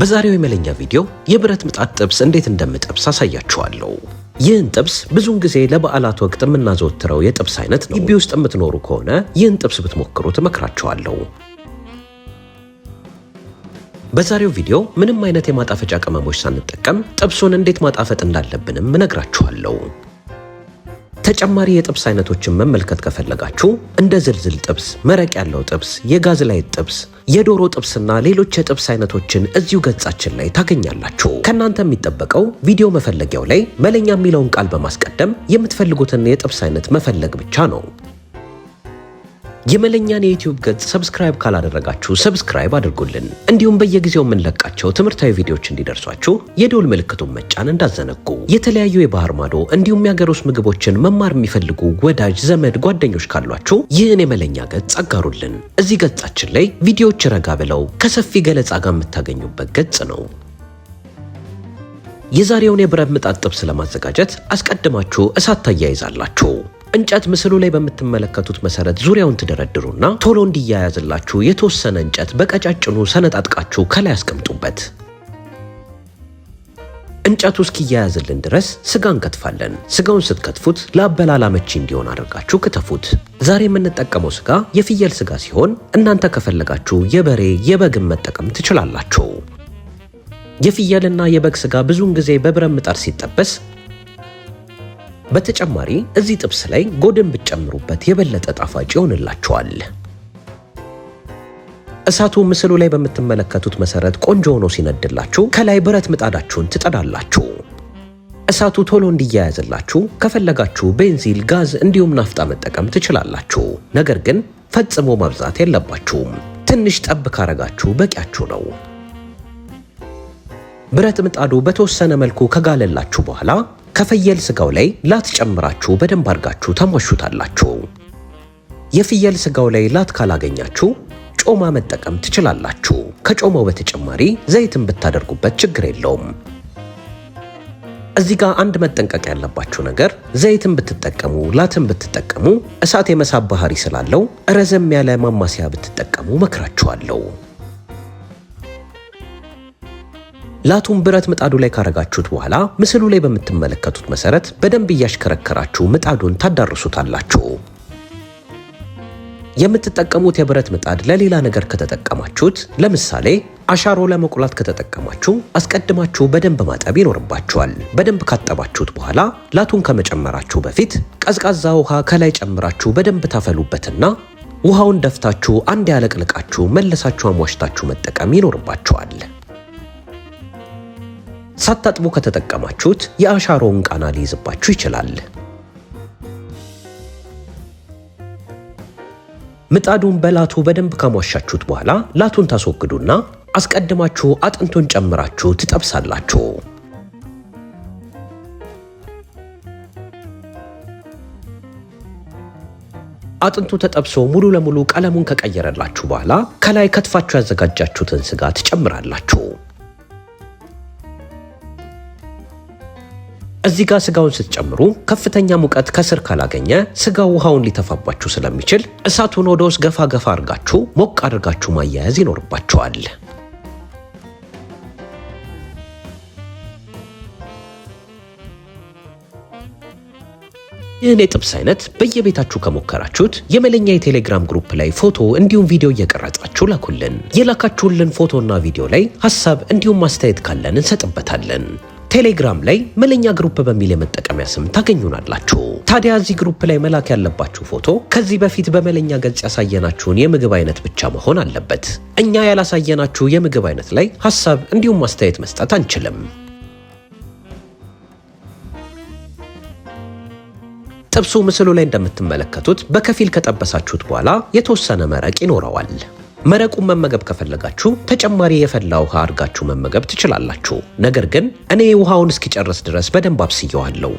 በዛሬው የመለኛ ቪዲዮ የብረት ምጣድ ጥብስ እንዴት እንደምጠብስ አሳያችኋለሁ። ይህን ጥብስ ብዙውን ጊዜ ለበዓላት ወቅት የምናዘወትረው የጥብስ አይነት ነው። ግቢ ውስጥ የምትኖሩ ከሆነ ይህን ጥብስ ብትሞክሩ ትመክራችኋለሁ። በዛሬው ቪዲዮ ምንም አይነት የማጣፈጫ ቅመሞች ሳንጠቀም ጥብሱን እንዴት ማጣፈጥ እንዳለብንም እነግራችኋለሁ። ተጨማሪ የጥብስ አይነቶችን መመልከት ከፈለጋችሁ እንደ ዝልዝል ጥብስ፣ መረቅ ያለው ጥብስ፣ የጋዝ ላይ ጥብስ፣ የዶሮ ጥብስና ሌሎች የጥብስ አይነቶችን እዚሁ ገጻችን ላይ ታገኛላችሁ። ከእናንተ የሚጠበቀው ቪዲዮ መፈለጊያው ላይ መለኛ የሚለውን ቃል በማስቀደም የምትፈልጉትን የጥብስ አይነት መፈለግ ብቻ ነው። የመለኛን የዩቲዩብ ገጽ ሰብስክራይብ ካላደረጋችሁ ሰብስክራይብ አድርጉልን። እንዲሁም በየጊዜው የምንለቃቸው ትምህርታዊ ቪዲዮዎች እንዲደርሷችሁ የደውል ምልክቱን መጫን እንዳዘነጉ። የተለያዩ የባህር ማዶ እንዲሁም የሀገር ውስጥ ምግቦችን መማር የሚፈልጉ ወዳጅ ዘመድ፣ ጓደኞች ካሏችሁ ይህን የመለኛ ገጽ አጋሩልን። እዚህ ገጻችን ላይ ቪዲዮዎች ረጋ ብለው ከሰፊ ገለጻ ጋር የምታገኙበት ገጽ ነው። የዛሬውን የብረት ምጣድ ጥብስ ለማዘጋጀት አስቀድማችሁ እሳት ታያይዛላችሁ። እንጨት ምስሉ ላይ በምትመለከቱት መሰረት ዙሪያውን ትደረድሩና ቶሎ እንዲያያዝላችሁ የተወሰነ እንጨት በቀጫጭኑ ሰነጣጥቃችሁ ከላይ አስቀምጡበት። እንጨቱ እስኪያያዝልን ድረስ ስጋ እንከትፋለን። ስጋውን ስትከትፉት ለአበላል አመቺ እንዲሆን አድርጋችሁ ክተፉት። ዛሬ የምንጠቀመው ስጋ የፍየል ስጋ ሲሆን እናንተ ከፈለጋችሁ የበሬ የበግን መጠቀም ትችላላችሁ። የፍየልና የበግ ስጋ ብዙውን ጊዜ በብረት ምጣድ ሲጠበስ በተጨማሪ እዚህ ጥብስ ላይ ጎድን ብትጨምሩበት የበለጠ ጣፋጭ ይሆንላችኋል። እሳቱ ምስሉ ላይ በምትመለከቱት መሰረት ቆንጆ ሆኖ ሲነድላችሁ ከላይ ብረት ምጣዳችሁን ትጠዳላችሁ። እሳቱ ቶሎ እንዲያያዝላችሁ ከፈለጋችሁ ቤንዚል፣ ጋዝ እንዲሁም ናፍጣ መጠቀም ትችላላችሁ። ነገር ግን ፈጽሞ ማብዛት የለባችሁም። ትንሽ ጠብ ካረጋችሁ በቂያችሁ ነው። ብረት ምጣዱ በተወሰነ መልኩ ከጋለላችሁ በኋላ ከፍየል ስጋው ላይ ላት ጨምራችሁ በደንብ አድርጋችሁ ታሟሹታላችሁ። የፍየል ስጋው ላይ ላት ካላገኛችሁ ጮማ መጠቀም ትችላላችሁ። ከጮማው በተጨማሪ ዘይትን ብታደርጉበት ችግር የለውም። እዚህ ጋር አንድ መጠንቀቅ ያለባችሁ ነገር ዘይትን ብትጠቀሙ ላትን ብትጠቀሙ እሳት የመሳብ ባህሪ ስላለው ረዘም ያለ ማማሰያ ብትጠቀሙ መክራችኋለሁ። ላቱን ብረት ምጣዱ ላይ ካረጋችሁት በኋላ ምስሉ ላይ በምትመለከቱት መሰረት በደንብ እያሽከረከራችሁ ምጣዱን ታዳርሱታላችሁ። የምትጠቀሙት የብረት ምጣድ ለሌላ ነገር ከተጠቀማችሁት ለምሳሌ አሻሮ ለመቁላት ከተጠቀማችሁ አስቀድማችሁ በደንብ ማጠብ ይኖርባችኋል። በደንብ ካጠባችሁት በኋላ ላቱን ከመጨመራችሁ በፊት ቀዝቃዛ ውሃ ከላይ ጨምራችሁ በደንብ ታፈሉበትና ውሃውን ደፍታችሁ አንድ ያለቅልቃችሁ መለሳችሁ አሟሽታችሁ መጠቀም ይኖርባችኋል። ሳታጥቡ ከተጠቀማችሁት የአሻሮውን ቃና ሊይዝባችሁ ይችላል። ምጣዱን በላቱ በደንብ ካሟሻችሁት በኋላ ላቱን ታስወግዱና አስቀድማችሁ አጥንቱን ጨምራችሁ ትጠብሳላችሁ። አጥንቱ ተጠብሶ ሙሉ ለሙሉ ቀለሙን ከቀየረላችሁ በኋላ ከላይ ከትፋችሁ ያዘጋጃችሁትን ስጋ ትጨምራላችሁ። እዚህ ጋር ስጋውን ስትጨምሩ ከፍተኛ ሙቀት ከስር ካላገኘ ስጋው ውሃውን ሊተፋባችሁ ስለሚችል እሳቱን ወደ ውስጥ ገፋ ገፋ አድርጋችሁ ሞቅ አድርጋችሁ ማያያዝ ይኖርባችኋል። ይህን የጥብስ አይነት በየቤታችሁ ከሞከራችሁት የመለኛ የቴሌግራም ግሩፕ ላይ ፎቶ እንዲሁም ቪዲዮ እየቀረጻችሁ ላኩልን። የላካችሁልን ፎቶና ቪዲዮ ላይ ሀሳብ እንዲሁም ማስተያየት ካለን እንሰጥበታለን። ቴሌግራም ላይ መለኛ ግሩፕ በሚል የመጠቀሚያ ስም ታገኙናላችሁ። ታዲያ እዚህ ግሩፕ ላይ መላክ ያለባችሁ ፎቶ ከዚህ በፊት በመለኛ ገጽ ያሳየናችሁን የምግብ አይነት ብቻ መሆን አለበት። እኛ ያላሳየናችሁ የምግብ አይነት ላይ ሀሳብ እንዲሁም አስተያየት መስጠት አንችልም። ጥብሱ ምስሉ ላይ እንደምትመለከቱት በከፊል ከጠበሳችሁት በኋላ የተወሰነ መረቅ ይኖረዋል። መረቁን መመገብ ከፈለጋችሁ ተጨማሪ የፈላ ውሃ አድርጋችሁ መመገብ ትችላላችሁ። ነገር ግን እኔ ውሃውን እስኪጨርስ ድረስ በደንብ አብስየዋለሁ።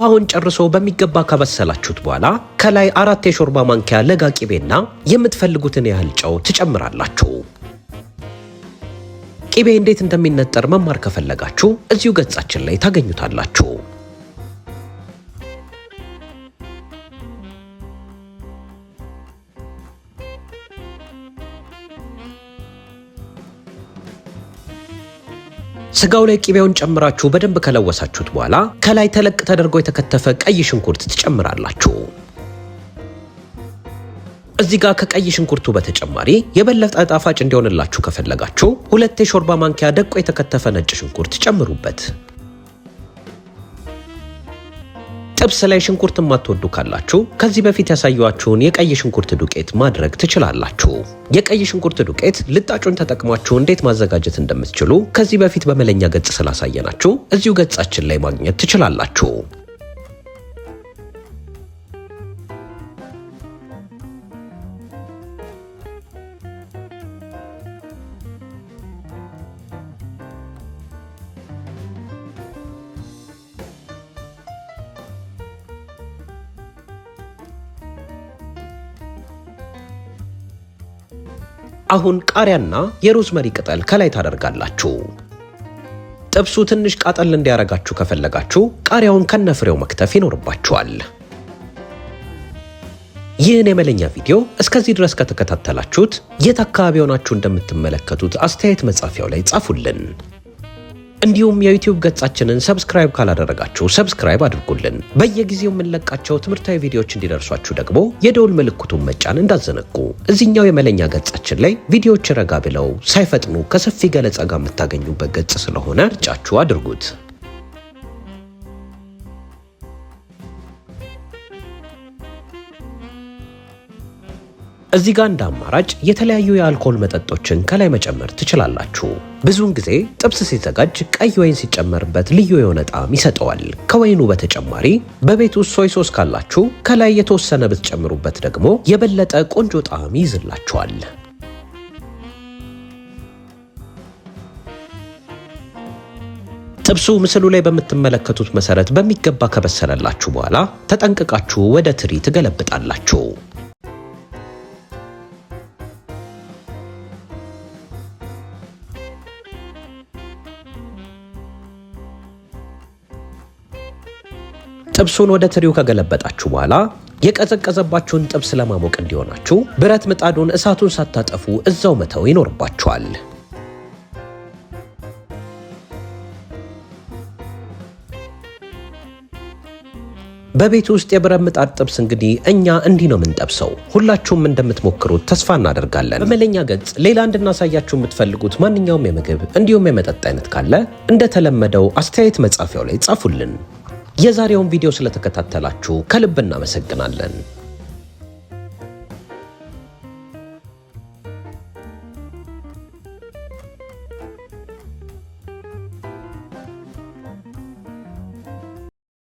ውሃውን ጨርሶ በሚገባ ከበሰላችሁት በኋላ ከላይ አራት የሾርባ ማንኪያ ለጋ ቂቤና የምትፈልጉትን ያህል ጨው ትጨምራላችሁ። ቂቤ እንዴት እንደሚነጠር መማር ከፈለጋችሁ እዚሁ ገጻችን ላይ ታገኙታላችሁ። ስጋው ላይ ቂቤውን ጨምራችሁ በደንብ ከለወሳችሁት በኋላ ከላይ ተለቅ ተደርጎ የተከተፈ ቀይ ሽንኩርት ትጨምራላችሁ። እዚህ ጋር ከቀይ ሽንኩርቱ በተጨማሪ የበለጠ ጣፋጭ እንዲሆንላችሁ ከፈለጋችሁ ሁለት የሾርባ ማንኪያ ደቆ የተከተፈ ነጭ ሽንኩርት ጨምሩበት። ጥብስ ላይ ሽንኩርት የማትወዱ ካላችሁ ከዚህ በፊት ያሳየኋችሁን የቀይ ሽንኩርት ዱቄት ማድረግ ትችላላችሁ። የቀይ ሽንኩርት ዱቄት ልጣጩን ተጠቅማችሁ እንዴት ማዘጋጀት እንደምትችሉ ከዚህ በፊት በመለኛ ገጽ ስላሳየናችሁ እዚሁ ገጻችን ላይ ማግኘት ትችላላችሁ። አሁን ቃሪያና የሮዝመሪ ቅጠል ከላይ ታደርጋላችሁ። ጥብሱ ትንሽ ቃጠል እንዲያረጋችሁ ከፈለጋችሁ ቃሪያውን ከነፍሬው መክተፍ ይኖርባችኋል። ይህን የመለኛ ቪዲዮ እስከዚህ ድረስ ከተከታተላችሁት የት አካባቢ ሆናችሁ እንደምትመለከቱት አስተያየት መጻፊያው ላይ ጻፉልን። እንዲሁም የዩቲዩብ ገጻችንን ሰብስክራይብ ካላደረጋችሁ ሰብስክራይብ አድርጉልን። በየጊዜው የምንለቃቸው ትምህርታዊ ቪዲዮዎች እንዲደርሷችሁ ደግሞ የደውል ምልክቱን መጫን እንዳዘነጉ። እዚኛው የመለኛ ገጻችን ላይ ቪዲዮዎች ረጋ ብለው ሳይፈጥኑ ከሰፊ ገለጻ ጋር የምታገኙበት ገጽ ስለሆነ ምርጫችሁ አድርጉት። እዚህ ጋር እንደ አማራጭ የተለያዩ የአልኮል መጠጦችን ከላይ መጨመር ትችላላችሁ። ብዙውን ጊዜ ጥብስ ሲዘጋጅ ቀይ ወይን ሲጨመርበት ልዩ የሆነ ጣዕም ይሰጠዋል። ከወይኑ በተጨማሪ በቤት ውስጥ ሶይ ሶስ ካላችሁ ከላይ የተወሰነ ብትጨምሩበት ደግሞ የበለጠ ቆንጆ ጣዕም ይይዝላችኋል። ጥብሱ ምስሉ ላይ በምትመለከቱት መሰረት በሚገባ ከበሰለላችሁ በኋላ ተጠንቅቃችሁ ወደ ትሪ ትገለብጣላችሁ። ጥብሱን ወደ ትሪው ከገለበጣችሁ በኋላ የቀዘቀዘባችሁን ጥብስ ለማሞቅ እንዲሆናችሁ ብረት ምጣዱን እሳቱን ሳታጠፉ እዛው መተው ይኖርባችኋል። በቤት ውስጥ የብረት ምጣድ ጥብስ እንግዲህ እኛ እንዲህ ነው የምንጠብሰው። ሁላችሁም እንደምትሞክሩት ተስፋ እናደርጋለን። በመለኛ ገጽ ሌላ እንድናሳያችሁ የምትፈልጉት ማንኛውም የምግብ እንዲሁም የመጠጥ አይነት ካለ እንደተለመደው አስተያየት መጻፊያው ላይ ጻፉልን። የዛሬውን ቪዲዮ ስለተከታተላችሁ ከልብ እናመሰግናለን።